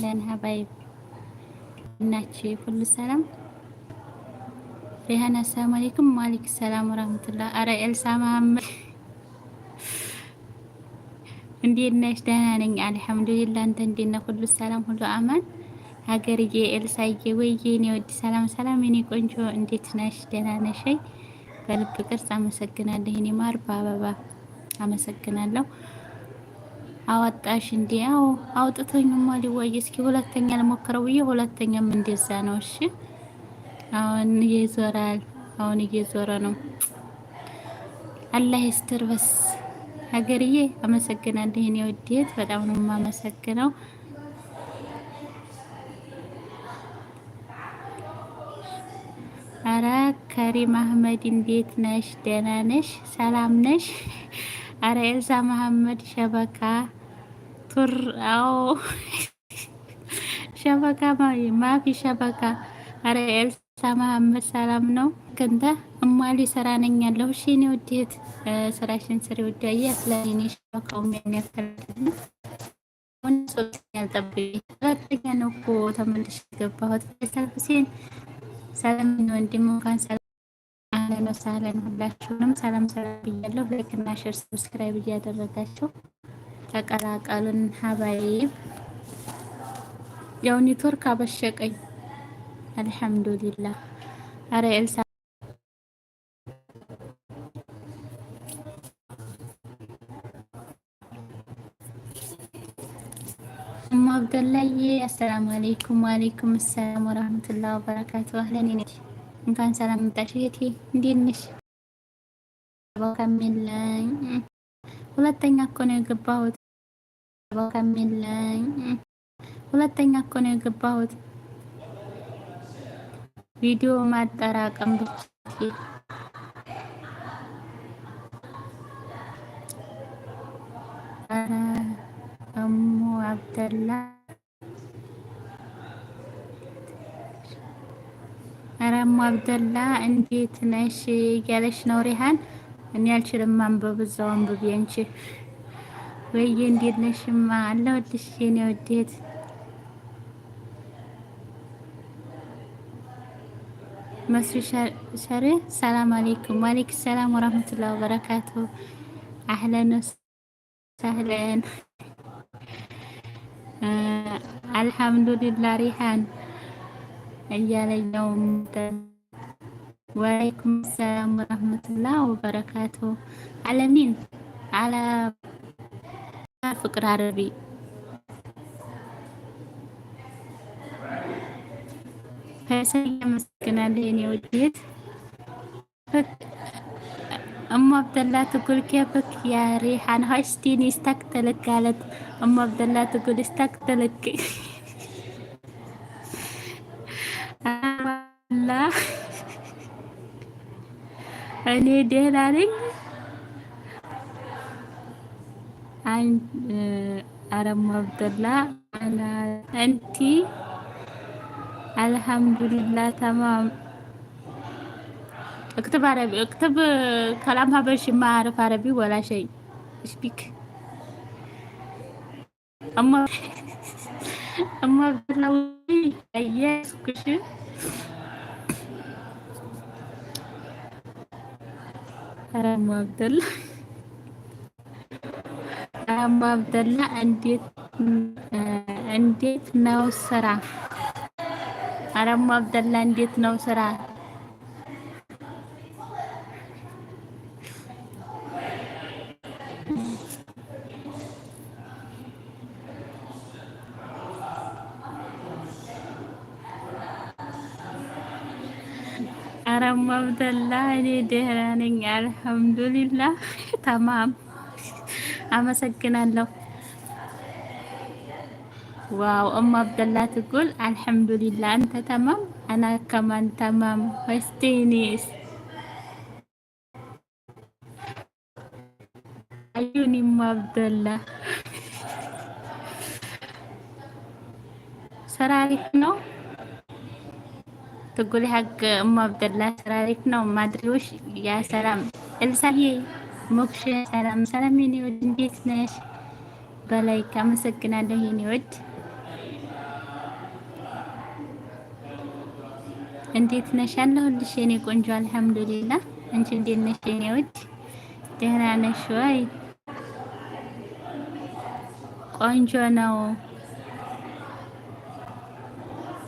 ለን ሀባይ እናችሁ ሁሉ ሰላም ሪሃና ሰላም አለይኩም ማሊክ ሰላም ወራህመቱላህ አረ ኤልሳ መሀመድ እንዴት ነሽ ደህና ነኝ አልሐምዱሊላህ አንተ እንዴት ነህ ሁሉ ሰላም ሁሉ አማን ሀገርዬ ኤልሳዬ ወይዬ እኔ ወድ ሰላም ሰላም የኔ ቆንጆ እንዴት ነሽ ደህና ነሽ በልብ ቅርጽ አመሰግናለሁ የኔ ማር በአበባ አመሰግናለሁ አወጣሽ እንዴ? አዎ አውጥቶኝማ ሊዋይ። እስኪ ሁለተኛ ልሞክረው ብዬ ሁለተኛም እንደዛ ነው። እሺ አሁን እየዞራል፣ አሁን እየዞረ ነው። አላህ ይስጥር። በስ ሀገርዬ፣ አመሰግናለሁ። እኔ ውዴት በጣም ነው የማመሰግነው። አረ ከሪም አህመድ እንዴት ነሽ? ደህና ነሽ? ሰላም ነሽ? አረ ኤልዛ መሐመድ ሸበካ ፍር አዎ፣ ሸበካ ማፊ ሸበካ። አረ ኤልሳ መሀመድ ሰላም ነው። ገንዳ እማሊ ስራ ነኝ ያለሁ። እሺ እኔ ውዴት ስራሽን ስሪ ውዳዬ። አስላኔ ሸበካው የሚያከላል ሶስተኛ አልጠብኝ ሁለተኛ ነው እኮ ተመልሼ ገባሁት። ፈይሰል ሁሴን ሰላም ወንድም እንኳን ሰላም አለን ወሳለን። ሁላችሁንም ሰላም ሰላም ብያለሁ። ላይክ እና ሼር ሰብስክራይብ እያደረጋችሁ ተቀላቀሉን። ሀባይ ያው ኔትወርክ አበሸቀኝ። አልሐምዱሊላህ። አረ ኤልሳ እሞ አብደላዬ አሰላሙ አለይኩም። ወአለይኩም ሰላም ወራህመቱላሂ ወበረካቱ። አህለን ነሽ፣ እንኳን ሰላም መጣሽ እህቴ። እንዴት ነሽ? ሁለተኛ እኮ ነው የገባሁት በቃም የለኝ። ሁለተኛ እኮ ነው የገባሁት። ቪዲዮ ማጠራቀም ብቻ አሙ አብደላ አራሙ አብደላ እንዴት ነሽ እያለች ነው ሪሃን። እኔ አልችልም አንብብ፣ እዛው አንብብ ያንቺ ወይዬ እንዴት ነሽማ? አለሁልሽ የኔ ውዴት። መስሪ ሸሬ ሰላም አለይኩም። ወአለይኩም ሰላም ወራህመቱላሂ ወበረካቱ። አህለን ሰህለን። አልሐምዱሊላህ ሪሃን እያለኛው ወአለይኩም ሰላም ወራህመቱላሂ ወበረካቱ። አለሚን አላ ፍቅር አረቢ ፈይሰል ያመሰግናለሁ። የኔ ውዴት እሞ አብደላ ትጉል ኬፍክ ያ ሪሓን ሆሽቲን ይስታክ ተልክ አለት እሞ አብደላ ትጉል ይስታክ ተልክ አላ እኔ ደህና ነኝ። አረሙ አብደላ አንቲ አልሐምዱሊላ ተማም እክትብ አረቢ እክትብ ከላም ሀበሽ ማዕረፍ አረቢ ወላ ሸይ ስፒክ እማ እማ አብደላ ኢየሱስ አረሙ አብደላ አሞ አብደላ እንዴት ነው ስራ? አረማ አብደላ እንዴት ነው ስራ? ኧረ አብደላ እኔ ደህና ነኝ፣ አልሐምዱሊላህ ተማም አመሰግናለሁ። ዋው እማ አብደላ ትጉል አልሐምዱሊላ አንተ ተማም አና ከማን ተማም ወስቴኒስ አዩኒ እማ አብደላ ስራ አሪፍ ነው። ትጉል ሀቅ እማ አብደላ ስራ አሪፍ ነው። ማድሪዎች ያ ሰላም እልሳዬ ሞክሽ ሰላም ሰላም፣ የኔ ወድ እንዴት ነሽ? በላይ አመሰግናለሁ የኔ ወድ እንዴት ነሽ? አለሁልሽ የኔ ቆንጆ አልሐምዱሊላ። አንቺ እንዴት ነሽ የኔ ወድ? ደህና ነሽ ወይ? ቆንጆ ነው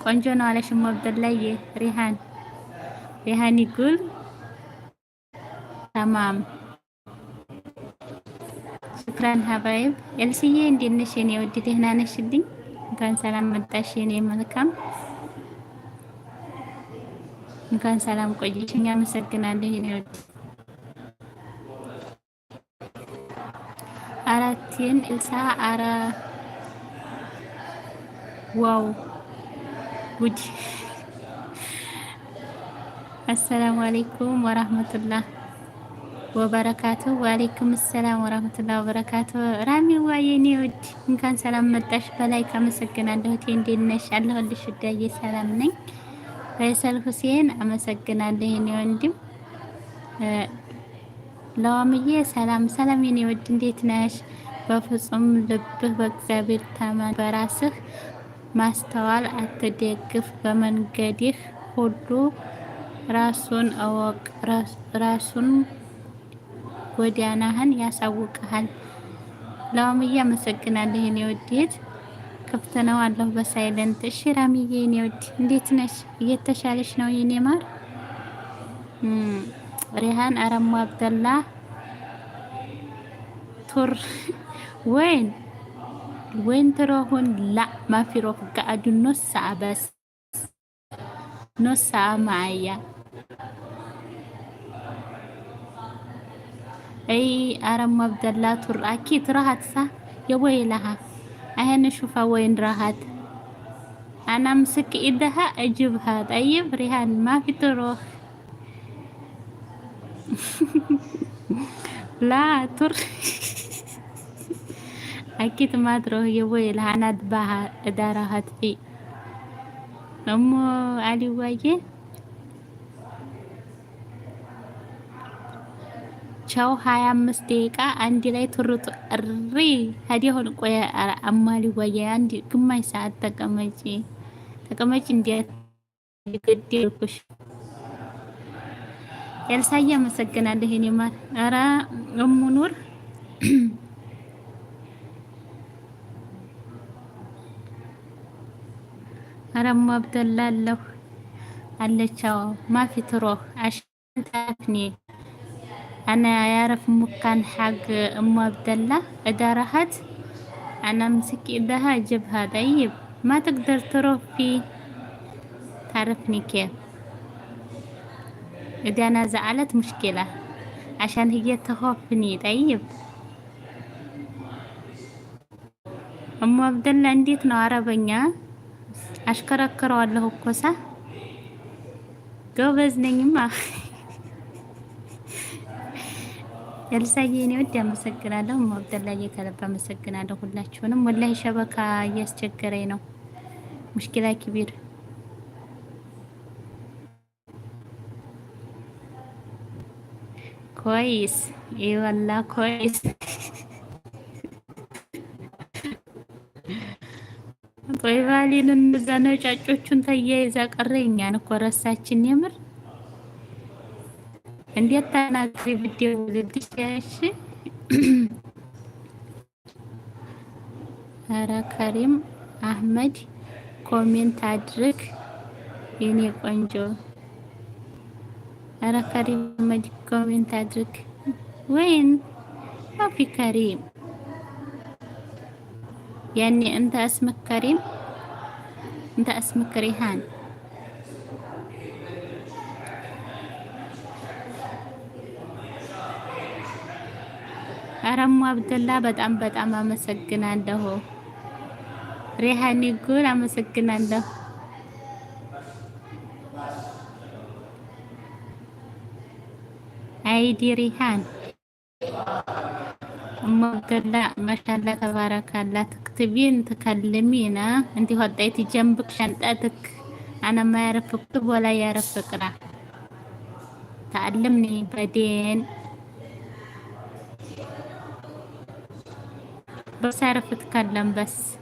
ቆንጆ ነው አለሽ አለሽም ላይ ሪሃን ሪሃኒ ጉል ተማም ሹክራን ሀባይብ ኤልስዬ፣ እንዴት ነሽ የኔ ውድ? ደህና ነሽልኝ? እንኳን ሰላም መጣሽ የኔ መልካም። እንኳን ሰላም ቆየሽኝ። አመሰግናለሁ የኔ ውድ። አራቴን ኤልሳ አራ ዋው ጉድ። አሰላሙ አለይኩም ወራህመቱላህ ወበረካቱ ወአለይኩም ሰላም ወራህመቱላሂ ወበረካቱ። ራሚ ዋየኔ ውድ እንኳን ሰላም መጣሽ። በላይ ካመሰግናለሁ። እቴ እንዴት ነሽ? አለሁልሽ ውዳዬ፣ ሰላም ነኝ። ፈይሰል ሁሴን አመሰግናለሁ። የኔ ወንድም ለዋምዬ ሰላም ሰላም። የኔ ውድ እንዴት ነሽ? በፍጹም ልብህ በእግዚአብሔር ታመን፣ በራስህ ማስተዋል አትደግፍ፣ በመንገድህ ሁሉ ራሱን አወቅ ራሱን ጎዳናህን ያሳውቀሃል። ላውምዬ አመሰግናለሁ የኔ ውዴት ክፍት ነው አለሁ በሳይለንት። እሺ ራሚዬ የኔ ውድ እንዴት ነሽ? እየተሻለሽ ነው የኔ ማር? ሪሃን አረሙ አብደላ ቱር ወይን ወይን ትሮሁን ላ ማፊሮ ጋአዱ ኖሳ በስ ኖሳ ማያ اي أرم تر أكيد راحت صح يبوي لها أهنا شوفها وين راحت أنا أمسك إيدها أجيبها طيب ريهان ما في تروح لا تر أكيد ما تروح يبوي لها أنا أتبعها دارها في أمو علي واجه ቻው። ሀያ ደቂቃ አንድ ላይ ትርጡ እሪ ሀዲያ ሆን ቆየ አማሊ ወየ አንድ ግማሽ ሰዓት ተቀመጪ ተቀመጪ። እንዴት ይገደልኩሽ ኤልሳዬ አመሰግናለሁ። እኔ ማር ኧረ እሙ ኑር ኧረ እሙ አብደላለሁ አለቻው ማፊትሮህ አሽንታፍኔ አና ያረፍ ሙካን ሐግ እሙ አብደላ እዳራሃት አና ምስቂ ደሃ ጀብሃ ጠይብ ማ ተቅደር ትሮፊ ታረፍኒ ኬፍ እዳና ዘአለት ሙሽኪላ عشان هي تخافني ጠይብ እሙ አብደላ እንዴት ነው አረበኛ? አሽከረክረዋለሁ እኮ ሳ ጎበዝ ነኝማ። የልሳዬ እኔ ወድ አመሰግናለሁ። አብደላዬ ከልብ አመሰግናለሁ ሁላችሁንም። ወላሂ ሸበካ እያስቸገረኝ ነው። ሙሽኪላ ኪቢር ኮይስ ይወላ ኮይስ ቆይ ባሌን እዛ ነው ጫጮቹን ተያይዛ ቀረ። እኛን እኮ ረሳችን የምር እንዴት ተናግሪ ቪዲዮ ልድሽ ያሽ ኧረ ከሪም አህመድ ኮሜንት አድርግ የኔ ቆንጆ። ኧረ ከሪም አህመድ ኮሜንት አድርግ። ወይን ማፊ ከሪም ያኔ እንተ እስምክ ከሪም እንተ እስምክ ሪሃን ወንድሙ አብደላ በጣም በጣም አመሰግናለሁ። ሪሃኒ ጉል አመሰግናለሁ። አይዲ ሪሃን እሞገላ ማሻላ ተባረካላ ትክትቢን ትከልሚና እንዲ ወጣይቲ ጀምብክ ሸንጠትክ አነማ ያረፍክ ወላ ያረፍቅራ ተአልምኒ በዴን بس اعرف اتكلم بس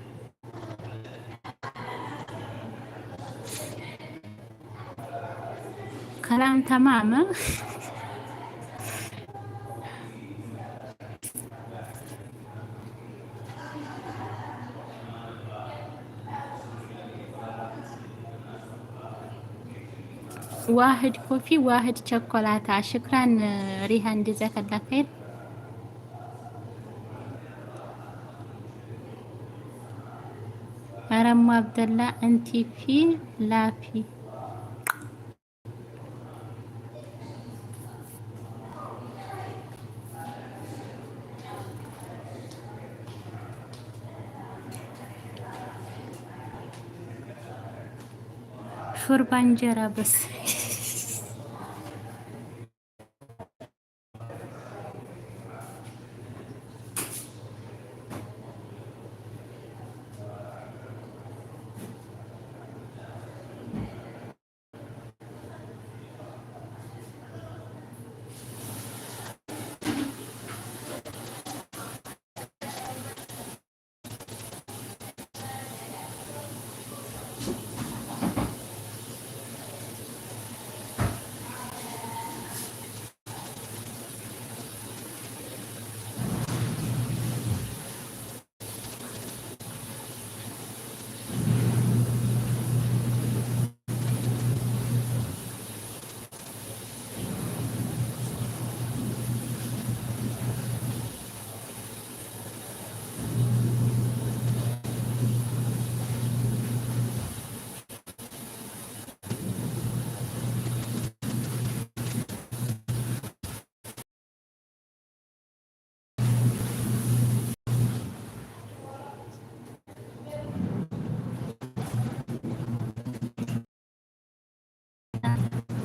كلام تمام واحد كوفي واحد شوكولاتة شكرا آه، ريهان جزاك الله خير ማርያም አብደላ እንቲፊ ፊ ላፊ ሾርባ እንጀራ በስ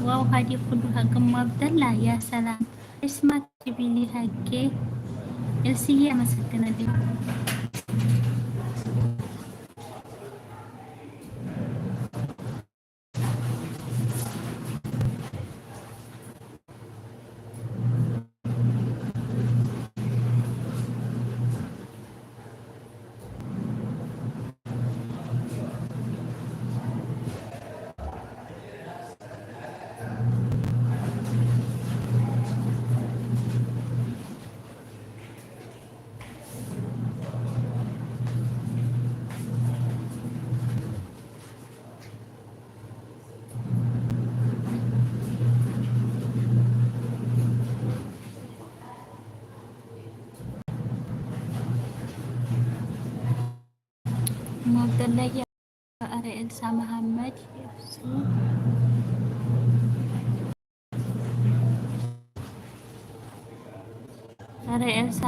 ዋው ሀዲ ኩሉ ሀቅም አብደላ ያ ሰላም እስማት ቢሊ ሀቄ እልስዬ አመሰግናለሁ። ነያ ርእንሳ መሐመድ ርእንሳ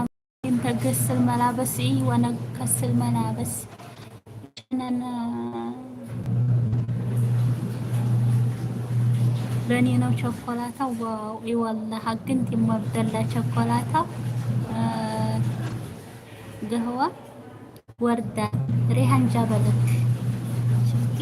ተገስል መላበስ ወነከስል መላበስ ለእኔ ነው ቸኮላታው። ዋው ይወላ ሀግንት የማብደላ ቸኮላታው ገህዋ ወርዳ ሬሃን ጃበልክ ሽፍቲ